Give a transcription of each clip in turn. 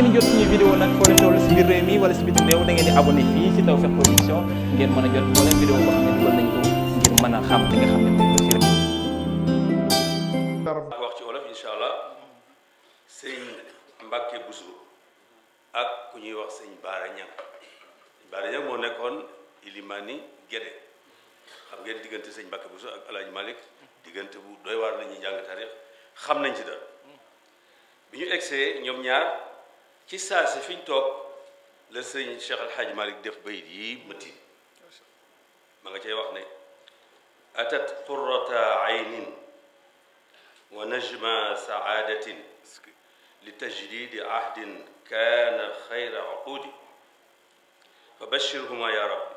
da ngeen di abonné fii si a xam ne dugal nañ ko ngir wax ci wolof incha allah sëñ Mbacke Bousso ak ku ñuy wax sëñ Baara Ñang Baara Ñang moo nekkoon Ilimani Guédé xam ngeen diggante sëñ Mbacke Bousso ak El Hadj diggante bu doy waar la jàng taarix xam nañ ci dara bi ñu egsee ñoom ñaar. ci saa si fi ñu toog la sëñ Cheikh Al Hadj Malick def bayit yi mëti ma nga cay wax ne atat qurrata aynin wa najma saadatin li tajdidi ahdin kaana xayra uqudi fa bashirhuma ya rabbi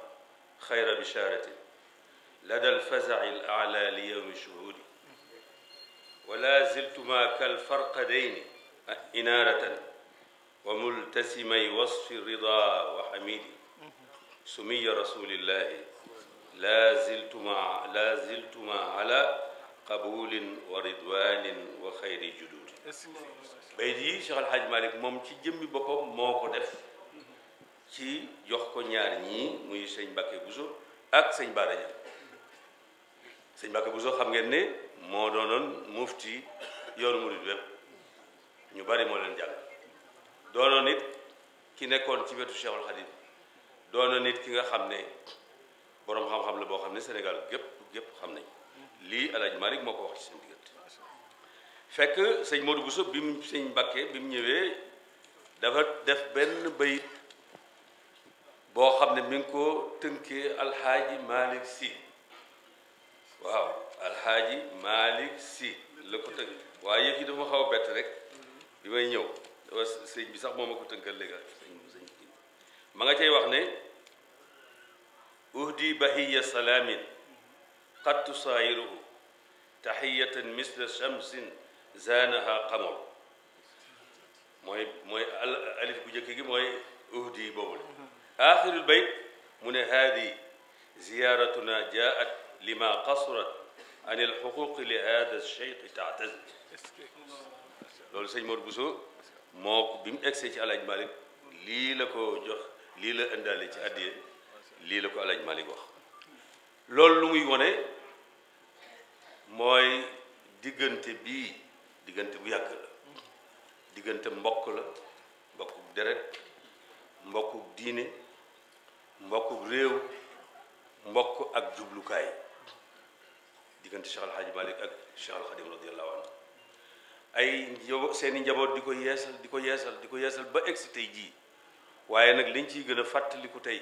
xayra bisharatin lada alfazai al ala li yowmi shuhudi wala ziltuma kalfarqadayni inaaratan wa multasimay wasfi rida wa hamidi sumiya rasulillahi la ziltuma la ziltuma ala qabulin wa ridwanin wa xayri Al Hadj Malick moom ci jëmmi boppam moo ko def ci jox ko ñaar ñii muy sëñ Mbàkke Buso ak sëñ Bara Ñaŋ sëñ Mbàkke Buso xam ngeen ne moo doonoon mufti yoonu murid wépp ñu bari moo leen jàng doonoon nit ki nekkoon ci wetu Cheikhul Khadim doonoon nit ki nga xam ne boroom xam-xam la boo xam ne Sénégal gépp gépp xam nañ lii El Hadj Malick ko fekk sëñ Modou Bousso bi mu sëñ Mbàkke bi ñëwee dafa def benn bayit boo xam ne mi ngi ko tënkee alxaaji Malick Sy waaw alxaaji Malick Sy la ko tënk waaye yëf yi dafa xaw a bett rek bi may ñëw sëñ bi sax moom a ko tënkal léegi sëñ sëñ ma nga cay wax ne uhdi bahiya salaamin qad tusaayiruhu taxiyatan misla shamsin zaanaha qamar mooy mooy alif bu njëkk gi mooy uhdi boobu la aaxirul bayt mu ne haadi ziyaaratuna jaat lima qasurat an alxuquq li haada alcheikh taataz loolu sëñ Mor Bousso moo ko bi mu egsee ci alaaj Malick lii la ko jox lii la indaale ci àddiya lii la ko alaaj Malick wax loolu lu muy wone mooy diggante bii diggante bu yàgg la diggante mbokk la mbokkuk deret mbokkuk diine mbokkuk réew mbokk ak jublukaay diggante Cheikh Al Hadj Malick ak Cheikh Al Khadim radiyallahu anhu ay njaboot seen njaboot di ko yeesal di ko yeesal di ko yeesal ba egsi tey jii waaye nag liñ ciy gën a fàttaliku tey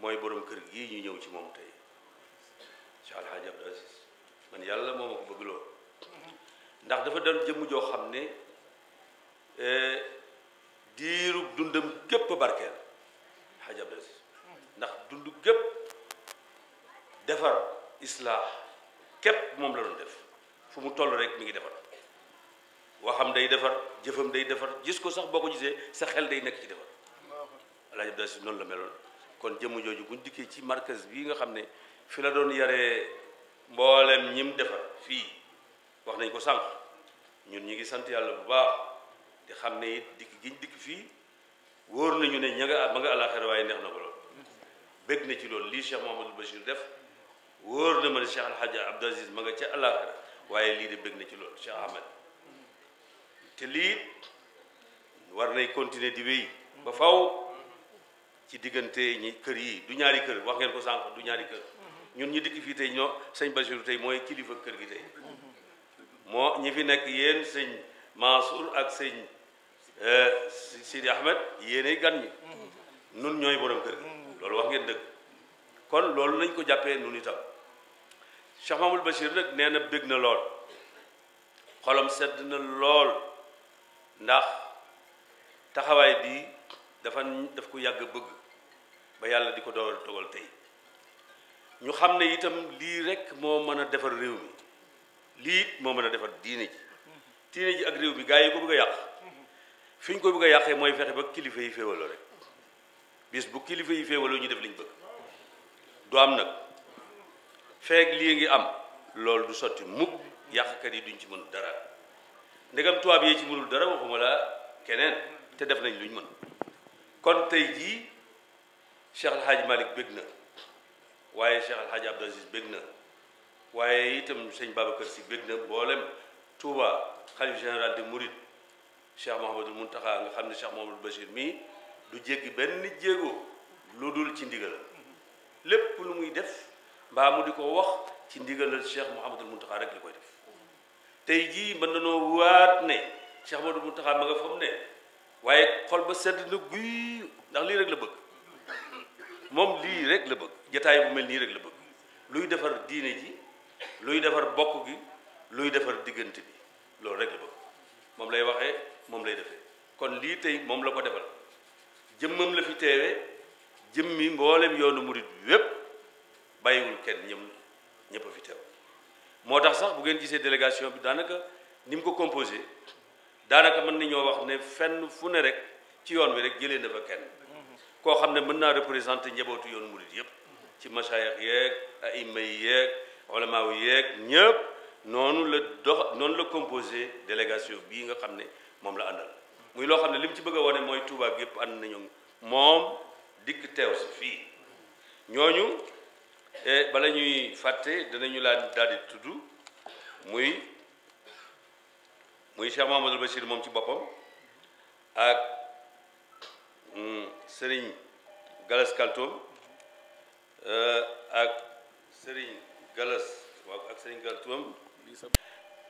mooy boroom kër gii ñu ñëw ci moom tey Cheikh El Hadj man yàlla moom ma ko bëgg lool ndax dafa doon jëmm joo xam ne eh, diirub dundam képp barkeel Hadj Abdou ndax dund gépp defar islaax képp moom la doon def fu mu toll rek mi ngi defar xam day defar jëfam day defar gis ko sax boo ko jisee sa xel day nekk ci defar alaaj Abdou Aziz noonu la meloon kon jëmm jooju buñ dikkee ci markaz bii nga xam ne fi la doon yaree mboolem ñim defar fii wax nañ ko sànq ñun ñu ngi sant yàlla bu baax di xam ne it dikk giñ dikk fii wóor nañu ne ña nga ma nga àlaxira waaye neex na ko lool bëgg na ci loolu lii Cheikh Mouhamadou Bachir def wóor na ma ne Cheikh Alhaji Abdou Aziz nga ca àlaxira waaye lii de bëgg na ci loolu Cheikh te lii war nay continuer di wéy ba faw ci diggante ñi kër yi du ñaari kër wax ngeen ko sànq du ñaari kër ñun ñu dikk fii tey ñoo sëñ Bachir tey mooy kilifa kër gi tey moo ñi fi nekk yéen sëñ Mansour ak sëñ euh, Sidi Ahmed yéenay gan ñi nun ñooy borom kër gi loolu wax ngeen dëgg kon loolu lañ ko jàppee nun itam Cheikh Mamadou Bachir nag nee na bég na lool xolam sedd na lool ndax taxawaay bii dafa daf ko yàgg bëgg ba yàlla di ko dogal dogal tey ñu xam ne itam lii rekk moo mën a defar réew mi lii moo mën a defar diine ji diine ji ak réew mi gaa yi ko bëgg a yàq fi ñu ko bëgg a yàqee mooy fexe ba kilifa yi féewaloo rek bis bu kilifa yi féewaloo ñu def liñ bëgg du am nag feeg lii ngi am loolu du sotti mukk yàqkat yi duñ ci mën dara ndegam tubaab yee ci mënul dara wax waxuma laa keneen te def nañ luñ mën kon tey jii Cheikh El Hadj Malick bég na waaye Cheikh El Hadj Abdou Aziz bég na waaye itam sëñ Babacar si bég na mboolem Touba xalif général de Mouride Cheikh Mouhamadul Mountakha nga xam ne Cheikh Mouhamadul Bachir mii du jéggi benn jéego lu dul ci ndigal lépp lu muy def mbaa mu di ko wax ci ndigal ndigalal Cheikh Mouhamadul Mountakha rek li koy def. tey jii mën nanoo waat ne Cheikh bu Mountakha ba nga fa ne waaye xol ba sedd na guy ndax lii rek la bëgg moom lii rek la bëgg jataay bu mel nii rek la bëgg luy defar diine ji luy defar bokk gi luy defar diggante bi loolu rek la bëgg moom lay waxee moom lay defee kon lii tey moom la ko defal jëmmam la fi teewee jëmmi mboolem yoonu murit bi wépp bàyyiwul kenn ñëm ñëpp a fi teew moo tax sax bu ngeen gisee délégation bi daanaka ni mu ko composé daanaka mën nañoo wax ne fenn fu ne rek ci yoon wi rek jëlee na fa kenn koo xam ne mën naa représenté njabootu yoon murid yëpp ci masaayix yeeg ay yi yeeg olamaa yi yeeg ñëpp noonu la dox noonu la composé délégation bii nga xam ne moom la àndal muy loo xam ne li ci bëgg a wane mooy Tuubaa yëpp ànd nañu moom dikk teew si fii ñooñu e bala ñuy fàtte danañu laa daldi di tudd muy muy Cheikh Mahamadul moom ci boppam ak mm, sëriñ Galas Kaltoom e, ak sëriñ Galas waaw ak Serigne Kaltoom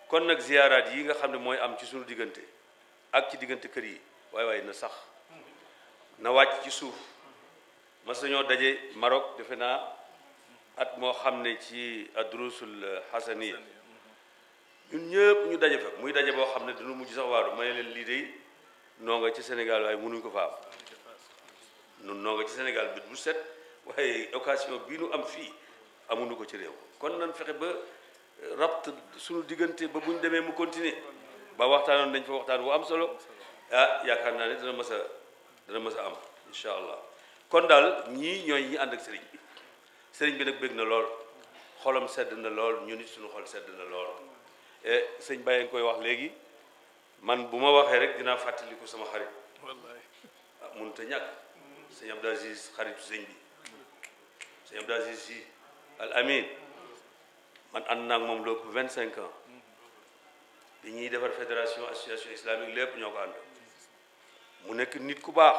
kon nag ziyaaraat yi nga xam ne mooy am ci suñu diggante ak ci diggante kër yi waaye waaye na sax na wàcc ci suuf mas nañoo daje Maroc defe naa at moo xam ne ci adrusul xasaniya ñun ñëpp ñu daje fa muy daje boo xam ne dinu mujj sax waaru may leen lii dey noo nga ci Sénégal waaye mënuñ ko faam nun noo nga ci Sénégal bi bu set waaye occasion bii nu am fii amuñu ko ci réew kon nan fexe ba rabt suñu diggante ba buñ demee mu continuer ba waxtaanoon dañ fa waxtaan bu am solo ah yaakaar naa ne dana mas a dana mas a am incha allah kon daal ñii ñooy ñi ànd ak sëriñ sëriñ bi nag bëgg na lool xolam sedd na lool ñu nit suñu xol sedd na lool e, sëñ Baye nga koy wax léegi man bu ma waxee rek dinaa fàttaliku sama xarit mënut a ah, ñàkk sëñ Abdou Aziz xaritu sëñ bi sëñ Abdou Aziz si al amin man ànd naa ak moom lépp vingt cinq ans bi ñuy defar fédération association islamique lépp ñoo ko ànd mu nekk nit ku baax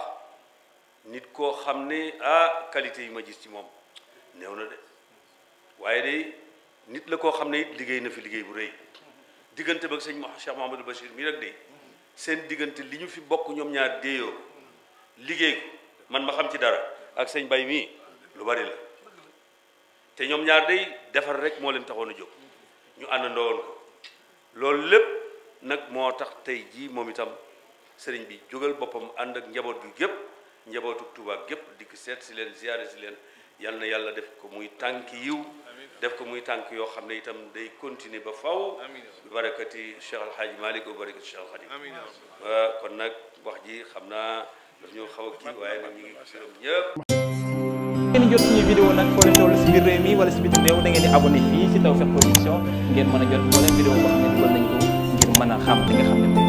nit koo xam ne ah qualité yi ma jis ci moom néew na de waaye de nit la koo xam ne it liggéey na fi liggéey bu rëy diggante ba sëñ Cheikh Mouhamadou Bachir mii rek de seen diggante li fi bokk ñaar déeyoo liggéey man ma xam ci dara ak sëñ Bay mii lu bari la te ñoom ñaar day defar rek moo leen taxoon a jóg ñu loolu lépp nag moo tax tey jii moom itam sëriñ bi jógal boppam ànd ak njaboot bi gépp njabootu tubaab gépp dikk seet si leen ziyaare si leen yal na yàlla def ko muy tànk yiw def ko muy tànk yoo xam ne itam day continuer ba faw bi barakati Cheikh Al Hadj Malick ba barakati Cheikh Al Khadim kon nag wax ji xam naa daf ñoo xaw a kii waaye nag ñu ngi gërëm ñëpp ngeen jot suñu vidéo nag foo leen toll si biir réew mi wala si biti réew da ngeen di abonné fii si Tawfekh Production ngeen mën a jot moo leen vidéo boo xam ne dugal nañ ko ngir mën a xam li nga xam ne